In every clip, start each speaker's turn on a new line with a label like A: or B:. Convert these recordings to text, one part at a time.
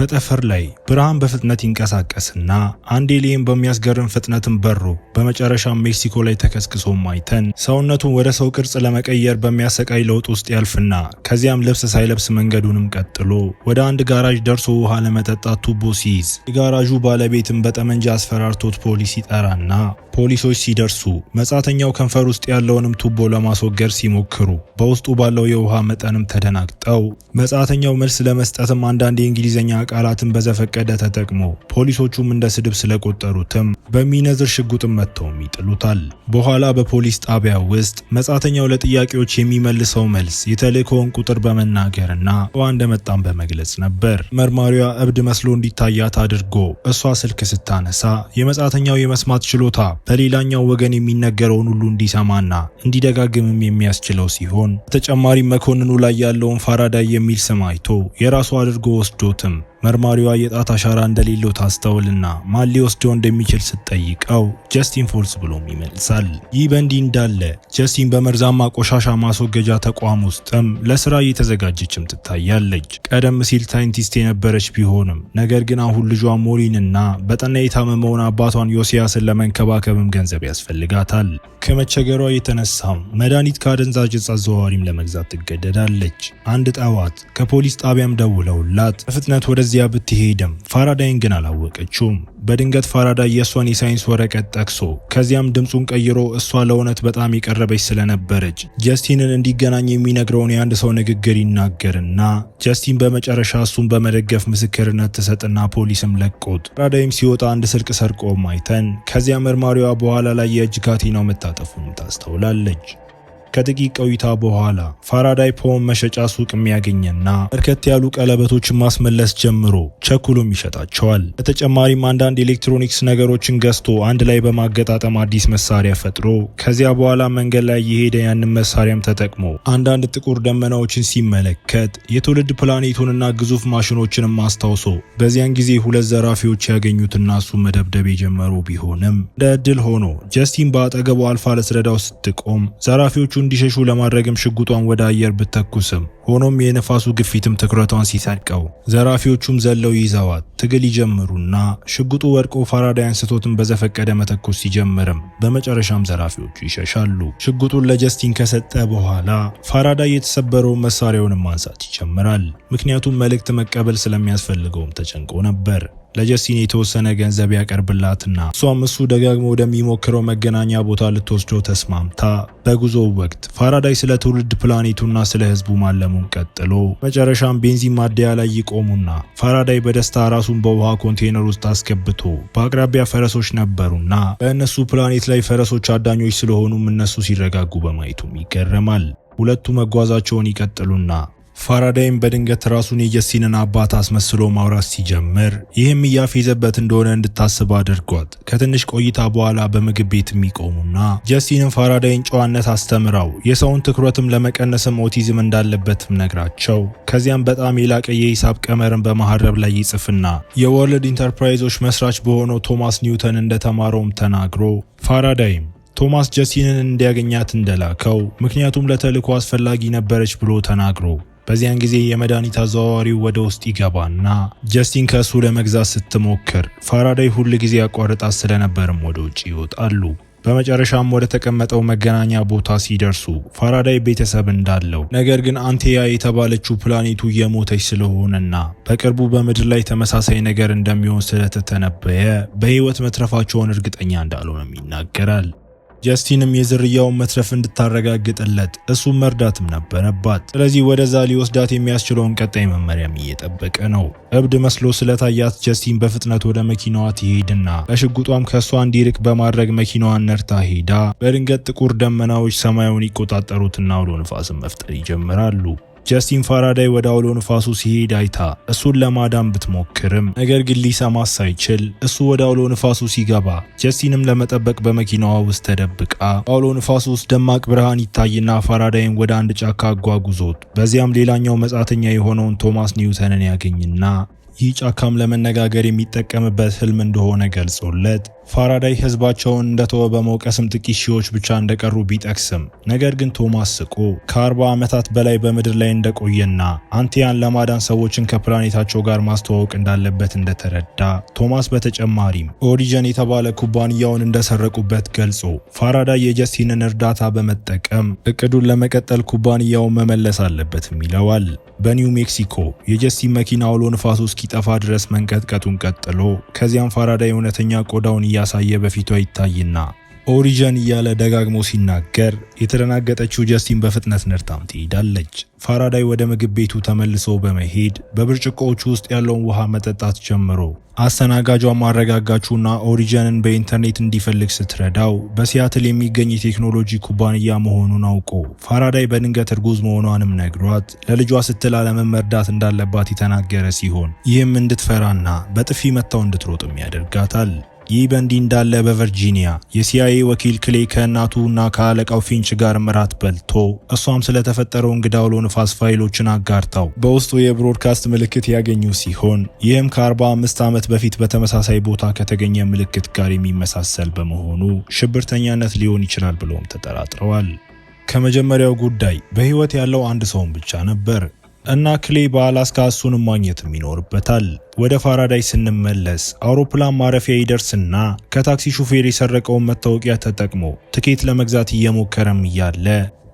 A: በጠፈር ላይ ብርሃን በፍጥነት ይንቀሳቀስና አንድ ኤሊየን በሚያስገርም ፍጥነትን በሮ በመጨረሻም ሜክሲኮ ላይ ተከስክሶ አይተን ሰውነቱን ወደ ሰው ቅርጽ ለመቀየር በሚያሰቃይ ለውጥ ውስጥ ያልፍና ከዚያም ልብስ ሳይለብስ መንገዱንም ቀጥሎ ወደ አንድ ጋራዥ ደርሶ ውሃ ለመጠጣት ቱቦ ሲይዝ የጋራዡ ባለቤትን በጠመንጃ አስፈራርቶት ፖሊስ ይጠራና ፖሊሶች ሲደርሱ መጻተኛው ከንፈር ውስጥ ያለውንም ቱቦ ለማስወገድ ሲሞክሩ በውስጡ ባለው የውሃ መጠንም ተደናግጠው መጻተኛው መልስ ለመስጠትም አንዳንድ የእንግሊዝኛ ቃላትን በዘፈቀደ ተጠቅሞ ፖሊሶቹም እንደ ስድብ ስለቆጠሩትም በሚነዝር ሽጉጥም መጥተውም ይጥሉታል። በኋላ በፖሊስ ጣቢያ ውስጥ መጻተኛው ለጥያቄዎች የሚመልሰው መልስ የተልእኮውን ቁጥር በመናገርና ዋ እንደመጣም በመግለጽ ነበር። መርማሪዋ እብድ መስሎ እንዲታያት አድርጎ እሷ ስልክ ስታነሳ የመጻተኛው የመስማት ችሎታ በሌላኛው ወገን የሚነገረውን ሁሉ እንዲሰማና እንዲደጋግምም የሚያስችለው ሲሆን ተጨማሪ መኮንኑ ላይ ያለውን ፋራዳይ የሚል ስም አይቶ የራሱ አድርጎ ወስዶትም መርማሪዋ የጣት አሻራ እንደሌለው ታስተውልና ማን ሊወስደው እንደሚችል ስትጠይቀው ጀስቲን ፎልስ ብሎም ይመልሳል። ይህ በእንዲህ እንዳለ ጀስቲን በመርዛማ ቆሻሻ ማስወገጃ ተቋም ውስጥም ለስራ እየተዘጋጀችም ትታያለች። ቀደም ሲል ሳይንቲስት የነበረች ቢሆንም ነገር ግን አሁን ልጇ ሞሊንና በጠና የታመመውን አባቷን ዮሲያስን ለመንከባከብም ገንዘብ ያስፈልጋታል። ከመቸገሯ የተነሳም መድኃኒት ከአደንዛዥ እጽ አዘዋዋሪም ለመግዛት ትገደዳለች። አንድ ጠዋት ከፖሊስ ጣቢያም ደውለውላት በፍጥነት ወደዚ ወደዚያ ብትሄድም ፋራዳይን ግን አላወቀችውም። በድንገት ፋራዳይ የእሷን የሳይንስ ወረቀት ጠቅሶ ከዚያም ድምፁን ቀይሮ እሷ ለእውነት በጣም የቀረበች ስለነበረች ጀስቲንን እንዲገናኝ የሚነግረውን የአንድ ሰው ንግግር ይናገርና ጀስቲን በመጨረሻ እሱን በመደገፍ ምስክርነት ትሰጥና ፖሊስም ለቆት ፋራዳይም ሲወጣ አንድ ስልክ ሰርቆ ማይተን ከዚያ መርማሪዋ በኋላ ላይ የእጅ ካቴናው መታጠፉን ታስተውላለች። ከጥቂት ቆይታ በኋላ ፋራዳይ ፖም መሸጫ ሱቅ የሚያገኘና በርከት ያሉ ቀለበቶችን ማስመለስ ጀምሮ ቸኩሎም ይሸጣቸዋል። በተጨማሪም አንዳንድ ኤሌክትሮኒክስ ነገሮችን ገዝቶ አንድ ላይ በማገጣጠም አዲስ መሳሪያ ፈጥሮ ከዚያ በኋላ መንገድ ላይ የሄደ ያንን መሳሪያም ተጠቅሞ አንዳንድ ጥቁር ደመናዎችን ሲመለከት የትውልድ ፕላኔቱንና ግዙፍ ማሽኖችንም አስታውሶ በዚያን ጊዜ ሁለት ዘራፊዎች ያገኙትና እሱ መደብደብ የጀመሩ ቢሆንም እንደ ሆኖ ጀስቲን በአጠገቡ አልፋ ለስረዳው ስትቆም ዘራፊዎቹን እንዲሸሹ ለማድረግም ሽጉጧን ወደ አየር ብተኩስም ሆኖም የነፋሱ ግፊትም ትኩረቷን ሲሰድቀው ዘራፊዎቹም ዘለው ይዘዋት ትግል ይጀምሩና ሽጉጡ ወድቆ ፋራዳይ አንስቶትን በዘፈቀደ መተኮስ ሲጀምርም በመጨረሻም ዘራፊዎቹ ይሸሻሉ። ሽጉጡን ለጀስቲን ከሰጠ በኋላ ፋራዳይ የተሰበረውን መሳሪያውን ማንሳት ይጀምራል። ምክንያቱም መልእክት መቀበል ስለሚያስፈልገውም ተጨንቆ ነበር። ለጀስቲን የተወሰነ ገንዘብ ያቀርብላትና እሷም እሱ ደጋግሞ ወደሚሞክረው መገናኛ ቦታ ልትወስደው ተስማምታ በጉዞው ወቅት ፋራዳይ ስለ ትውልድ ፕላኔቱና ስለ ህዝቡ ማለሙን ቀጥሎ መጨረሻም ቤንዚን ማደያ ላይ ይቆሙና ፋራዳይ በደስታ ራሱን በውሃ ኮንቴነር ውስጥ አስገብቶ በአቅራቢያ ፈረሶች ነበሩና በእነሱ ፕላኔት ላይ ፈረሶች አዳኞች ስለሆኑም እነሱ ሲረጋጉ በማየቱም ይገረማል። ሁለቱ መጓዛቸውን ይቀጥሉና ፋራዳይም በድንገት ራሱን የጀሲንን አባት አስመስሎ ማውራት ሲጀምር ይህም እያፌዘበት እንደሆነ እንድታስብ አድርጓት። ከትንሽ ቆይታ በኋላ በምግብ ቤት የሚቆሙና ጀሲንን ፋራዳይን ጨዋነት አስተምራው የሰውን ትኩረትም ለመቀነስም ኦቲዝም እንዳለበትም ነግራቸው ከዚያም በጣም የላቀ የሂሳብ ቀመርን በማሀረብ ላይ ይጽፍና የወርልድ ኢንተርፕራይዞች መስራች በሆነው ቶማስ ኒውተን እንደተማረውም ተናግሮ ፋራዳይም ቶማስ ጀሲንን እንዲያገኛት እንደላከው ምክንያቱም ለተልእኮ አስፈላጊ ነበረች ብሎ ተናግሮ በዚያን ጊዜ የመድኃኒት አዘዋዋሪው ወደ ውስጥ ይገባና ጀስቲን ከእሱ ለመግዛት ስትሞክር ፋራዳይ ሁል ጊዜ ያቋርጣት ስለነበርም ወደ ውጭ ይወጣሉ። በመጨረሻም ወደ ተቀመጠው መገናኛ ቦታ ሲደርሱ ፋራዳይ ቤተሰብ እንዳለው ነገር ግን አንቴያ የተባለችው ፕላኔቱ እየሞተች ስለሆነና በቅርቡ በምድር ላይ ተመሳሳይ ነገር እንደሚሆን ስለተተነበየ በሕይወት መትረፋቸውን እርግጠኛ እንዳልሆነም ይናገራል። ጀስቲንም የዝርያውን መትረፍ እንድታረጋግጥለት እሱም መርዳትም ነበረባት። ስለዚህ ወደዛ ሊወስዳት የሚያስችለውን ቀጣይ መመሪያም እየጠበቀ ነው። እብድ መስሎ ስለታያት ጀስቲን በፍጥነት ወደ መኪናዋ ትሄድና በሽጉጧም ከእሷ እንዲርቅ በማድረግ መኪናዋን ነርታ ሄዳ በድንገት ጥቁር ደመናዎች ሰማዩን ይቆጣጠሩትና አውሎ ንፋስን መፍጠር ይጀምራሉ። ጀስቲን ፋራዳይ ወደ አውሎ ንፋሱ ሲሄድ አይታ እሱን ለማዳን ብትሞክርም ነገር ግን ሊሰማት ሳይችል እሱ ወደ አውሎ ንፋሱ ሲገባ ጀስቲንም ለመጠበቅ በመኪናዋ ውስጥ ተደብቃ በአውሎ ንፋሱ ውስጥ ደማቅ ብርሃን ይታይና ፋራዳይን ወደ አንድ ጫካ አጓጉዞት በዚያም ሌላኛው መጻተኛ የሆነውን ቶማስ ኒውተንን ያገኝና ይህ ጫካም ለመነጋገር የሚጠቀምበት ህልም እንደሆነ ገልጾለት ፋራዳይ ህዝባቸውን እንደተወ በመውቀስም ጥቂት ሺዎች ብቻ እንደቀሩ ቢጠቅስም ነገር ግን ቶማስ ስቆ ከ40 ዓመታት በላይ በምድር ላይ እንደቆየና አንቲያን ለማዳን ሰዎችን ከፕላኔታቸው ጋር ማስተዋወቅ እንዳለበት እንደተረዳ ቶማስ በተጨማሪም ኦሪጀን የተባለ ኩባንያውን እንደሰረቁበት ገልጾ ፋራዳይ የጀስቲንን እርዳታ በመጠቀም እቅዱን ለመቀጠል ኩባንያውን መመለስ አለበትም ይለዋል። በኒው ሜክሲኮ የጀስቲን መኪና አውሎ ንፋሱ እስኪጠፋ ድረስ መንቀጥቀጡን ቀጥሎ ከዚያም ፋራዳይ እውነተኛ ቆዳውን እያሳየ በፊቷ ይታይና ኦሪጀን እያለ ደጋግሞ ሲናገር የተደናገጠችው ጀስቲን በፍጥነት ንርታም ትሄዳለች። ፋራዳይ ወደ ምግብ ቤቱ ተመልሶ በመሄድ በብርጭቆዎቹ ውስጥ ያለውን ውሃ መጠጣት ጀምሮ አስተናጋጇን ማረጋጋችሁና ኦሪጀንን በኢንተርኔት እንዲፈልግ ስትረዳው በሲያትል የሚገኝ የቴክኖሎጂ ኩባንያ መሆኑን አውቆ ፋራዳይ በድንገት እርጉዝ መሆኗንም ነግሯት ለልጇ ስትል ዓለምን መርዳት እንዳለባት የተናገረ ሲሆን ይህም እንድትፈራና በጥፊ መታው እንድትሮጥም ያደርጋታል። ይህ በእንዲህ እንዳለ በቨርጂኒያ የሲአይኤ ወኪል ክሌ ከእናቱ እና ከአለቃው ፊንች ጋር ምራት በልቶ እሷም ስለተፈጠረው እንግዳ ውሎ ንፋስ ፋይሎችን አጋርተው በውስጡ የብሮድካስት ምልክት ያገኙ ሲሆን ይህም ከ45 ዓመት በፊት በተመሳሳይ ቦታ ከተገኘ ምልክት ጋር የሚመሳሰል በመሆኑ ሽብርተኛነት ሊሆን ይችላል ብለውም ተጠራጥረዋል። ከመጀመሪያው ጉዳይ በህይወት ያለው አንድ ሰውን ብቻ ነበር። እና ክሌ በአላስካ እሱንም ማግኘትም ይኖርበታል። ወደ ፋራዳይ ስንመለስ አውሮፕላን ማረፊያ ይደርስና ከታክሲ ሹፌር የሰረቀውን መታወቂያ ተጠቅሞ ትኬት ለመግዛት እየሞከረም እያለ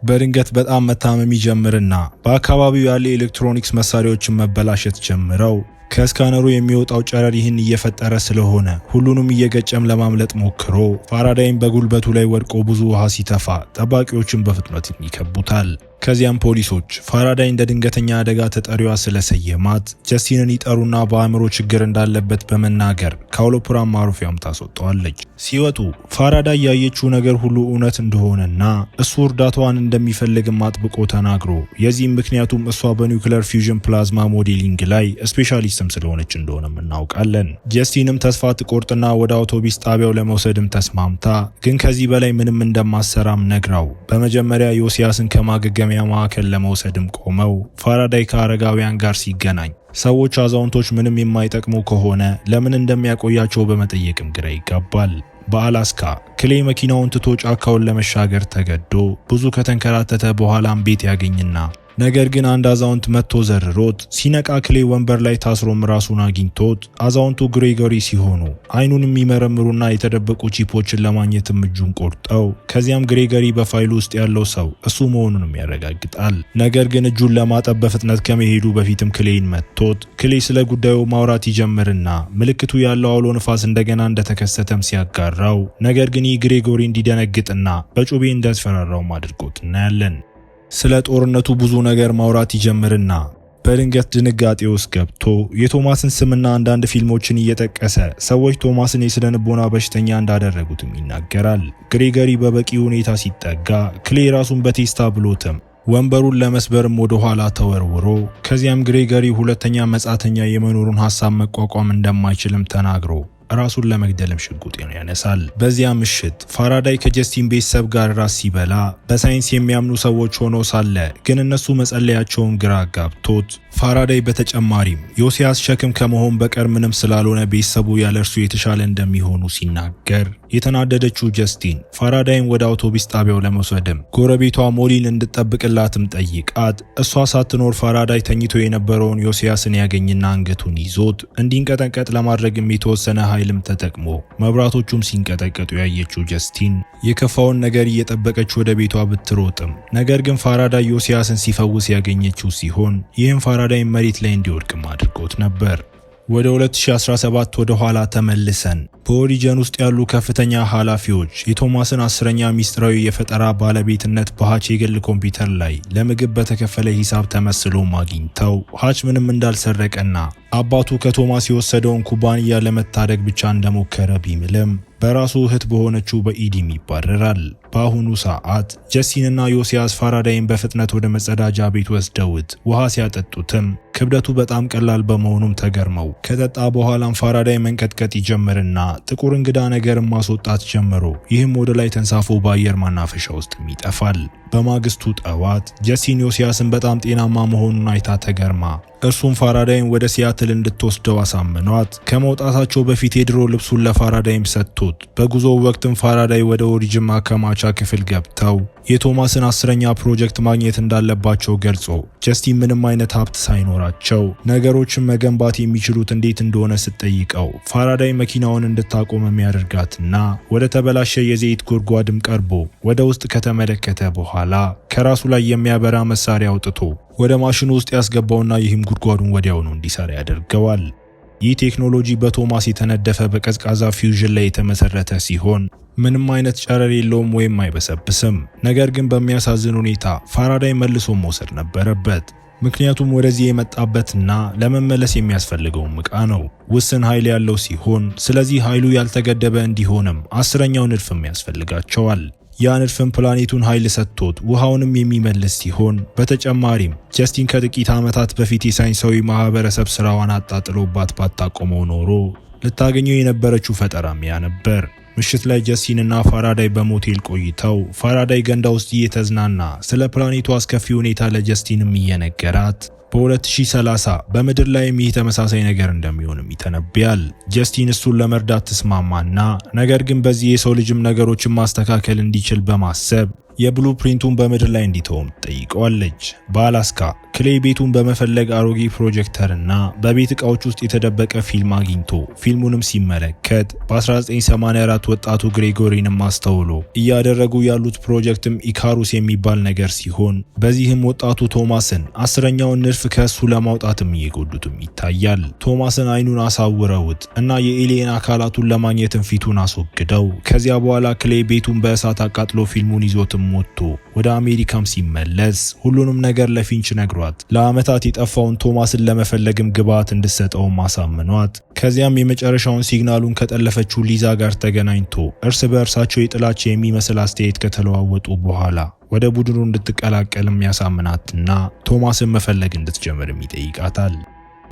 A: በድንገት በጣም መታመም ይጀምርና በአካባቢው ያለ ኤሌክትሮኒክስ መሳሪያዎችን መበላሸት ጀምረው ከስካነሩ የሚወጣው ጨረር ይህን እየፈጠረ ስለሆነ ሁሉንም እየገጨም ለማምለጥ ሞክሮ ፋራዳይም በጉልበቱ ላይ ወድቆ ብዙ ውሃ ሲተፋ ጠባቂዎችን በፍጥነት ይከቡታል። ከዚያም ፖሊሶች ፋራዳይ እንደ ድንገተኛ አደጋ ተጠሪዋ ስለሰየማት ጀስቲንን ይጠሩና በአእምሮ ችግር እንዳለበት በመናገር ከአውሮፕላን ማረፊያም ታስወጣዋለች። ሲወጡ ፋራዳይ ያየችው ነገር ሁሉ እውነት እንደሆነና እሱ እርዳታዋን እንደሚፈልግም አጥብቆ ተናግሮ የዚህም ምክንያቱም እሷ በኒውክለር ፊውዥን ፕላዝማ ሞዴሊንግ ላይ ስፔሻሊስትም ስለሆነች እንደሆነም እናውቃለን። ጀስቲንም ተስፋ ትቆርጥና ወደ አውቶቢስ ጣቢያው ለመውሰድም ተስማምታ ግን ከዚህ በላይ ምንም እንደማሰራም ነግራው በመጀመሪያ ዮሲያስን ከማገገም ማከሚያ ማዕከል ለመውሰድም ቆመው ፋራዳይ ከአረጋውያን ጋር ሲገናኝ ሰዎች አዛውንቶች ምንም የማይጠቅሙ ከሆነ ለምን እንደሚያቆያቸው በመጠየቅም ግራ ይጋባል። በአላስካ ክሌ መኪናውን ትቶ ጫካውን ለመሻገር ተገዶ ብዙ ከተንከራተተ በኋላም ቤት ያገኝና ነገር ግን አንድ አዛውንት መጥቶ ዘርሮት ሲነቃ ክሌ ወንበር ላይ ታስሮም ራሱን አግኝቶት አዛውንቱ ግሬጎሪ ሲሆኑ አይኑን የሚመረምሩና የተደበቁ ቺፖችን ለማግኘትም እጁን ቆርጠው ከዚያም ግሬጎሪ በፋይሉ ውስጥ ያለው ሰው እሱ መሆኑንም ያረጋግጣል። ነገር ግን እጁን ለማጠብ በፍጥነት ከመሄዱ በፊትም ክሌን መጥቶት ክሌ ስለ ጉዳዩ ማውራት ይጀምርና ምልክቱ ያለው አውሎ ንፋስ እንደገና እንደተከሰተም ሲያጋራው ነገር ግን ይህ ግሬጎሪ እንዲደነግጥና በጩቤ እንዳስፈራራውም አድርጎት እናያለን። ስለ ጦርነቱ ብዙ ነገር ማውራት ይጀምርና በድንገት ድንጋጤ ውስጥ ገብቶ የቶማስን ስምና አንዳንድ ፊልሞችን እየጠቀሰ ሰዎች ቶማስን የስነ ልቦና በሽተኛ እንዳደረጉትም ይናገራል። ግሬገሪ በበቂ ሁኔታ ሲጠጋ ክሌ ራሱን በቴስታ ብሎትም ወንበሩን ለመስበርም ወደ ኋላ ተወርውሮ ከዚያም ግሬገሪ ሁለተኛ መጻተኛ የመኖሩን ሐሳብ መቋቋም እንደማይችልም ተናግሮ ራሱን ለመግደልም ሽጉጤን ያነሳል። በዚያ ምሽት ፋራዳይ ከጀስቲን ቤተሰብ ጋር ራስ ሲበላ በሳይንስ የሚያምኑ ሰዎች ሆኖ ሳለ ግን እነሱ መጸለያቸውን ግራ ጋብቶት ፋራዳይ በተጨማሪም ዮሲያስ ሸክም ከመሆን በቀር ምንም ስላልሆነ ቤተሰቡ ያለ እርሱ የተሻለ እንደሚሆኑ ሲናገር የተናደደችው ጀስቲን ፋራዳይን ወደ አውቶቡስ ጣቢያው ለመውሰድም ጎረቤቷ ሞሊን እንድጠብቅላትም ጠይቃት፣ እሷ ሳትኖር ፋራዳይ ተኝቶ የነበረውን ዮሲያስን ያገኝና አንገቱን ይዞት እንዲንቀጠንቀጥ ለማድረግም የተወሰነ ኃይል ኃይልም ተጠቅሞ መብራቶቹም ሲንቀጠቀጡ ያየችው ጀስቲን የከፋውን ነገር እየጠበቀች ወደ ቤቷ ብትሮጥም ነገር ግን ፋራዳይ ዮሲያስን ሲፈውስ ያገኘችው ሲሆን ይህም ፋራዳይን መሬት ላይ እንዲወድቅም አድርጎት ነበር። ወደ 2017 ወደ ኋላ ተመልሰን በኦሪጀን ውስጥ ያሉ ከፍተኛ ኃላፊዎች የቶማስን አስረኛ ሚስጥራዊ የፈጠራ ባለቤትነት በሃች የግል ኮምፒውተር ላይ ለምግብ በተከፈለ ሂሳብ ተመስሎ አግኝተው ሃች ምንም እንዳልሰረቀና አባቱ ከቶማስ የወሰደውን ኩባንያ ለመታደግ ብቻ እንደሞከረ ቢምልም በራሱ እህት በሆነችው በኢዲም ይባረራል። በአሁኑ ሰዓት ጀሲንና ዮሲያስ ፋራዳይን በፍጥነት ወደ መጸዳጃ ቤት ወስደውት ውሃ ሲያጠጡትም ክብደቱ በጣም ቀላል በመሆኑም ተገርመው ከጠጣ በኋላም ፋራዳይ መንቀጥቀጥ ይጀምርና ጥቁር እንግዳ ነገርን ማስወጣት ጀምሮ ይህም ወደ ላይ ተንሳፎ በአየር ማናፈሻ ውስጥም ይጠፋል። በማግስቱ ጠዋት ጀሲን ዮሲያስን በጣም ጤናማ መሆኑን አይታ ተገርማ እርሱም ፋራዳይን ወደ ሲያትል እንድትወስደው አሳምኗት ከመውጣታቸው በፊት የድሮ ልብሱን ለፋራዳይም ሰጥቶት በጉዞው ወቅትም ፋራዳይ ወደ ኦሪጅን ማከማቻ ክፍል ገብተው የቶማስን አስረኛ ፕሮጀክት ማግኘት እንዳለባቸው ገልጾ ጀስቲን ምንም አይነት ሀብት ሳይኖራቸው ነገሮችን መገንባት የሚችሉት እንዴት እንደሆነ ስትጠይቀው ፋራዳይ መኪናውን እንድታቆም የሚያደርጋትና ወደ ተበላሸ የዘይት ጉድጓድም ቀርቦ ወደ ውስጥ ከተመለከተ በኋላ ከራሱ ላይ የሚያበራ መሳሪያ አውጥቶ ወደ ማሽኑ ውስጥ ያስገባውና ይህም ጉድጓዱን ወዲያውኑ እንዲሰራ ያደርገዋል። ይህ ቴክኖሎጂ በቶማስ የተነደፈ በቀዝቃዛ ፊውዥን ላይ የተመሰረተ ሲሆን ምንም አይነት ጨረር የለውም ወይም አይበሰብስም። ነገር ግን በሚያሳዝን ሁኔታ ፋራዳይ መልሶ መውሰድ ነበረበት። ምክንያቱም ወደዚህ የመጣበትና ለመመለስ የሚያስፈልገውም ዕቃ ነው። ውስን ኃይል ያለው ሲሆን ስለዚህ ኃይሉ ያልተገደበ እንዲሆንም አስረኛው ንድፍም ያስፈልጋቸዋል። ያ ንድፍም ፕላኔቱን ኃይል ሰጥቶት ውሃውንም የሚመልስ ሲሆን በተጨማሪም ጀስቲን ከጥቂት ዓመታት በፊት የሳይንሳዊ ማህበረሰብ ስራዋን አጣጥሎባት ባታቆመው ኖሮ ልታገኘው የነበረችው ፈጠራም ያ ነበር። ምሽት ላይ ጀስቲንና ፋራዳይ በሞቴል ቆይተው ፋራዳይ ገንዳ ውስጥ እየተዝናና ስለ ፕላኔቱ አስከፊ ሁኔታ ለጀስቲንም እየነገራት በ2030 በምድር ላይም ይህ ተመሳሳይ ነገር እንደሚሆንም ይተነብያል። ጀስቲን እሱን ለመርዳት ትስማማና ነገር ግን በዚህ የሰው ልጅም ነገሮችን ማስተካከል እንዲችል በማሰብ የብሉፕሪንቱን በምድር ላይ እንዲተውም ጠይቀዋለች። በአላስካ ክሌ ቤቱን በመፈለግ አሮጌ ፕሮጀክተርና በቤት እቃዎች ውስጥ የተደበቀ ፊልም አግኝቶ ፊልሙንም ሲመለከት በ1984 ወጣቱ ግሬጎሪንም አስተውሎ እያደረጉ ያሉት ፕሮጀክትም ኢካሩስ የሚባል ነገር ሲሆን በዚህም ወጣቱ ቶማስን አስረኛውን ንድፍ ከእሱ ለማውጣትም እየጎዱትም ይታያል። ቶማስን አይኑን አሳውረውት እና የኤሊየን አካላቱን ለማግኘትም ፊቱን አስወግደው ከዚያ በኋላ ክሌ ቤቱን በእሳት አቃጥሎ ፊልሙን ይዞትም ወጥቶ ወደ አሜሪካም ሲመለስ ሁሉንም ነገር ለፊንች ነግሯት ለአመታት የጠፋውን ቶማስን ለመፈለግም ግብዓት እንድትሰጠውም አሳምኗት ከዚያም የመጨረሻውን ሲግናሉን ከጠለፈችው ሊዛ ጋር ተገናኝቶ እርስ በእርሳቸው የጥላቸው የሚመስል አስተያየት ከተለዋወጡ በኋላ ወደ ቡድኑ እንድትቀላቀልም ያሳምናትና ቶማስን መፈለግ እንድትጀምርም ይጠይቃታል።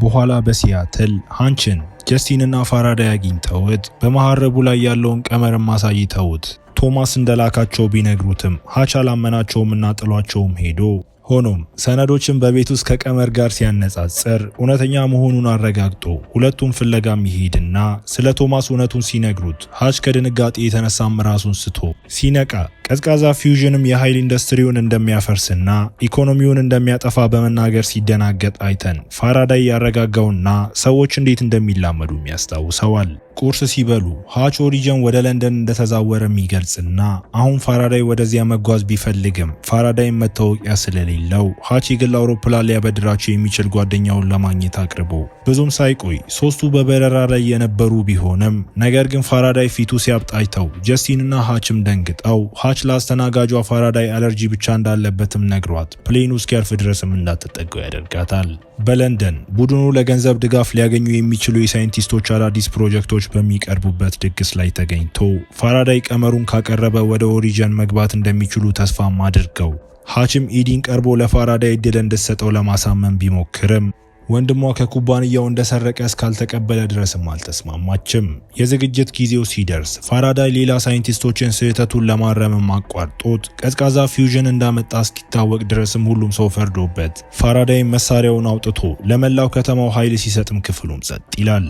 A: በኋላ በሲያትል ሃንችን ጀስቲንና ፋራዳይ አግኝተውት በመሐረቡ ላይ ያለውን ቀመርም አሳይተውት ቶማስ እንደላካቸው ቢነግሩትም አላመናቸውም እና ጥሏቸውም ሄዶ ሆኖም ሰነዶችን በቤት ውስጥ ከቀመር ጋር ሲያነጻጽር እውነተኛ መሆኑን አረጋግጦ ሁለቱም ፍለጋም ይሄድና ስለ ቶማስ እውነቱን ሲነግሩት ሀች ከድንጋጤ የተነሳም ራሱን ስቶ ሲነቃ ቀዝቃዛ ፊውዥንም የኃይል ኢንዱስትሪውን እንደሚያፈርስና ኢኮኖሚውን እንደሚያጠፋ በመናገር ሲደናገጥ አይተን ፋራዳይ ያረጋጋውና ሰዎች እንዴት እንደሚላመዱም ያስታውሰዋል። ቁርስ ሲበሉ ሃች ኦሪጀን ወደ ለንደን እንደተዛወረ የሚገልጽና አሁን ፋራዳይ ወደዚያ መጓዝ ቢፈልግም ፋራዳይ መታወቂያ ስለሌለው ሃች የግል አውሮፕላን ሊያበድራቸው የሚችል ጓደኛውን ለማግኘት አቅርቦ ብዙም ሳይቆይ ሶስቱ በበረራ ላይ የነበሩ ቢሆንም ነገር ግን ፋራዳይ ፊቱ ሲያብጣይተው ጀስቲንና ሃችም ደንግጠው ሃች ለአስተናጋጇ ፋራዳይ አለርጂ ብቻ እንዳለበትም ነግሯት ፕሌኑ እስኪያርፍ ድረስም እንዳትጠገው ያደርጋታል። በለንደን ቡድኑ ለገንዘብ ድጋፍ ሊያገኙ የሚችሉ የሳይንቲስቶች አዳዲስ ፕሮጀክቶች እንግዶች በሚቀርቡበት ድግስ ላይ ተገኝቶ ፋራዳይ ቀመሩን ካቀረበ ወደ ኦሪጀን መግባት እንደሚችሉ ተስፋም አድርገው ሐችም ኢዲን ቀርቦ ለፋራዳይ እድል እንድሰጠው ለማሳመን ቢሞክርም ወንድሟ ከኩባንያው እንደሰረቀ እስካልተቀበለ ድረስም አልተስማማችም። የዝግጅት ጊዜው ሲደርስ ፋራዳይ ሌላ ሳይንቲስቶችን ስህተቱን ለማረምም አቋርጦት ቀዝቃዛ ፊውዥን እንዳመጣ እስኪታወቅ ድረስም ሁሉም ሰው ፈርዶበት ፋራዳይም መሳሪያውን አውጥቶ ለመላው ከተማው ኃይል ሲሰጥም ክፍሉም ጸጥ ይላል።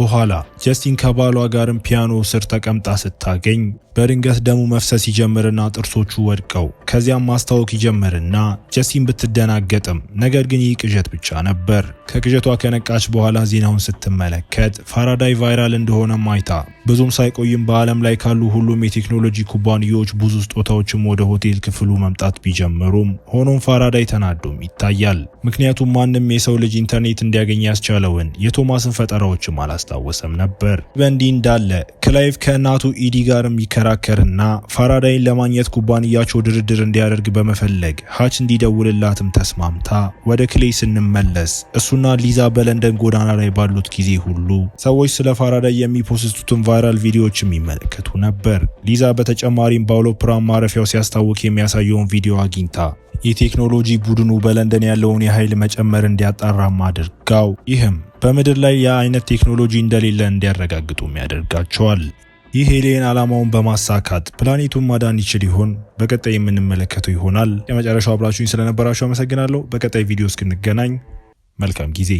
A: በኋላ ጀስቲን ከባሏ ጋርም ፒያኖ ስር ተቀምጣ ስታገኝ በድንገት ደሙ መፍሰስ ይጀምርና ጥርሶቹ ወድቀው ከዚያም ማስታወክ ይጀምርና ጀስቲን ብትደናገጥም ነገር ግን ይህ ቅዠት ብቻ ነበር። ከቅዠቷ ከነቃች በኋላ ዜናውን ስትመለከት ፋራዳይ ቫይራል እንደሆነ ማይታ ብዙም ሳይቆይም በዓለም ላይ ካሉ ሁሉም የቴክኖሎጂ ኩባንያዎች ብዙ ስጦታዎችም ወደ ሆቴል ክፍሉ መምጣት ቢጀምሩም ሆኖም ፋራዳይ ተናዶም ይታያል። ምክንያቱም ማንም የሰው ልጅ ኢንተርኔት እንዲያገኝ ያስቻለውን የቶማስን ፈጠራዎችም አላስታወሰም ነበር። በእንዲህ እንዳለ ክላይቭ ከእናቱ ኢዲ ጋርም ይከራከርና ፋራዳይን ለማግኘት ኩባንያቸው ድርድር እንዲያደርግ በመፈለግ ሀች እንዲደውልላትም ተስማምታ ወደ ክሌይ ስንመለስ እሱና ሊዛ በለንደን ጎዳና ላይ ባሉት ጊዜ ሁሉ ሰዎች ስለ ፋራዳይ የሚፖስቱትን ቫይራል ቪዲዮዎችም ይመለከቱ ነበር። ሊዛ በተጨማሪም በአውሮፕላን ማረፊያው ሲያስታውቅ የሚያሳየውን ቪዲዮ አግኝታ የቴክኖሎጂ ቡድኑ በለንደን ያለውን የኃይል መጨመር እንዲያጣራም አድርጋው ይህም በምድር ላይ የአይነት ቴክኖሎጂ እንደሌለ እንዲያረጋግጡም ያደርጋቸዋል። ይህ ሄሌን ዓላማውን በማሳካት ፕላኔቱን ማዳን ይችል ይሆን? በቀጣይ የምንመለከተው ይሆናል። የመጨረሻው አብራችሁኝ ስለነበራችሁ አመሰግናለሁ። በቀጣይ ቪዲዮ እስክንገናኝ መልካም ጊዜ